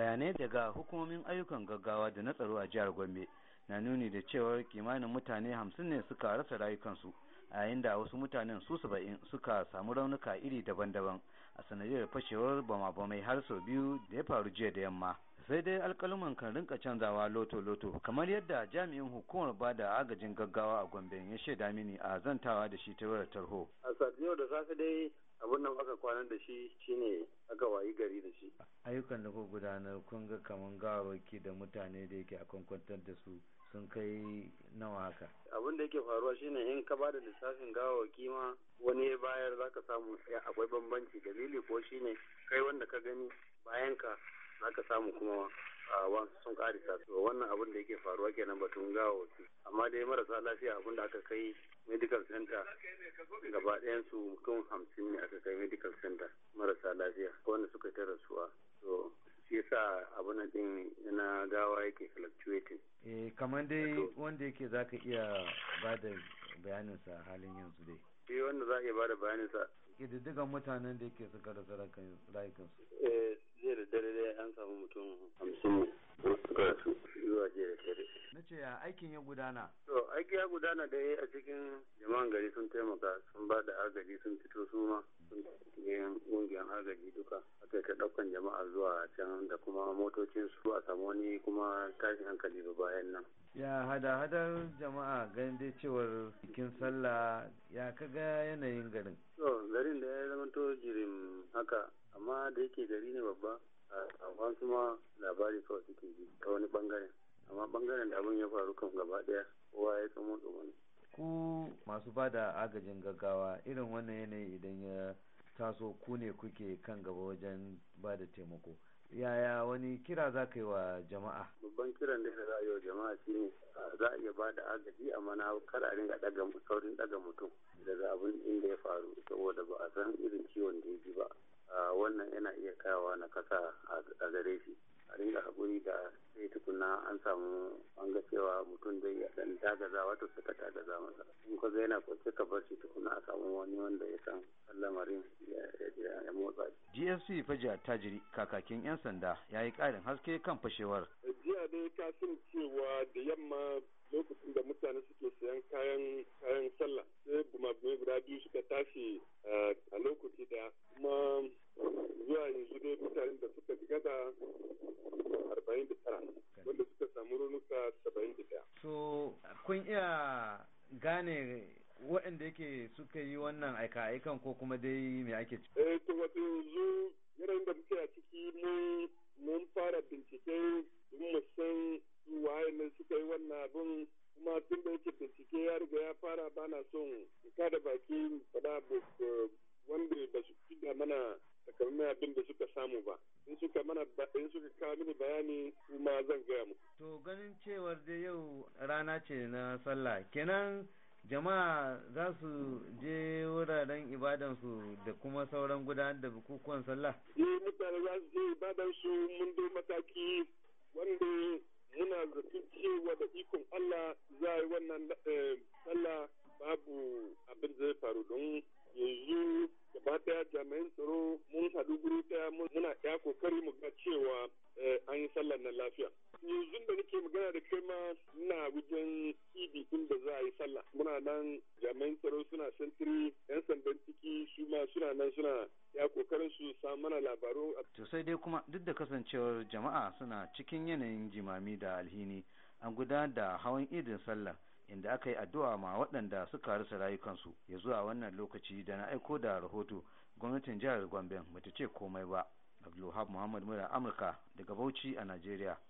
bayanai daga hukumomin ayyukan gaggawa da na tsaro a jihar gombe na nuni da cewar kimanin mutane hamsin ne suka rasa rayukansu a yayin da wasu mutanen su saba'in suka samu raunuka iri daban-daban a sanadiyar fashewar bama-bamai har sau biyu da ya faru jiya da yamma sai dai alkaluman kan rinka canzawa loto-loto kamar yadda jami'in hukumar ba da agajin gaggawa a gombe ya shaida mini a zantawa da shi ta wayar tarho. a yau da safe dai abin nan aka kwanan da shi shine aka wayi gari da shi. ayyukan da ku gudanar kun ga kamar gawarwaki da mutane da yake a kwankwantar da su sun kai nawa haka. abin da yake faruwa shine in ka bada lissafin gawarwaki ma wani ya bayar zaka samu akwai bambanci dalili ko shine kai wanda ka gani bayan ka aka samu kuma wasu sun ta so wannan abin da yake faruwa kenan batun gawawaki amma dai marasa lafiya abin da aka kai medical center gaba su mutum hamsin ne aka kai medical center marasa lafiya wanda suka ta rasuwa to shi yasa abin da din na gawa yake fluctuating eh kamar dai wanda yake zaka iya bada bayanin sa halin yanzu dai eh wanda za a iya bada bayanin sa kididdigan mutanen da yake suka rasa rayukansu. Eh, zai da dare dai an samu mutum hamsin ne. Na ce ya aikin ya gudana? To, aiki ya gudana da ya a cikin jama'an gari sun taimaka sun ba da agaji sun fito su ma sun cikin ƙungiyar agaji duka. Aka ta ɗaukan jama'a zuwa can da kuma motocin su a samu wani kuma tashin hankali ba bayan nan. Ya hada-hadar jama'a ganin dai cewar bikin sallah ya kaga yanayin garin. To, garin da ya zama to jirin haka amma da yake gari ne babba bangaren da abin ya faru kan gaba daya kowa ya tsamo wani. ku masu ba da agajin gaggawa irin wannan yanayi idan ya taso ku ne kuke kan gaba wajen ba da taimako yaya wani kira za ka yi wa jama'a babban kiran da za a yi wa jama'a shi ne za a iya ba da agaji amma na kar a ringa daga saurin daga mutum daga abin inda ya faru saboda ba a san irin shi. an samu an ga cewa mutum zai ya dan tagaza wato sai ka tagaza masa in ka ga yana sai ka bar shi kuma a samu wani wanda ya san lamarin ya motsa shi. GSC Fajiya Tajiri kakakin 'yan sanda ya yi ƙarin haske kan fashewar. Jiya dai Kasim so kun iya gane waɗanda yake suka yi wannan aika-aikan ko kuma dai me ake ciki? Eh, to wato yanzu yanayin da muke a ciki mun fara bincike mu san waye ne suka yi wannan abin kuma tun da yake bincike ya riga ya fara bana son ka da baki faɗa eh, wanda ba su fida mana takamaiman abin da suka samu ba in suka mana in suka kawo mini bayani kuma zan gaya mu to ganin cewar da yau rana ce na sallah kenan jama'a za su je wuraren ibadansu da kuma sauran gudanar da bukukuwan sallah ni mutane za su je su mun dai mataki wanda muna zaton cewa da ikon Allah za yi wannan eh, sallah babu abin zai faru don yanzu gaba daya jami'an tsaro mun haɗu guri daya muna ɗaya kokari mu ga cewa eh, an yi sallar nan lafiya yanzu da nake magana da kai ma na wajen idi da za a yi sallah muna nan jami'an tsaro suna sentiri yan sandan ciki su ma suna nan suna ya kokarin su samu mana labaru to sai dai kuma duk da kasancewar jama'a suna cikin yanayin jimami da alhini an gudanar da hawan idin sallah inda aka yi addu'a ma waɗanda suka rasa rayukansu ya zuwa wannan lokaci da na aiko da rahoto gwamnatin jihar Gombe ta ce komai ba Abdulwahab Muhammad Mura Amurka daga Bauchi a Najeriya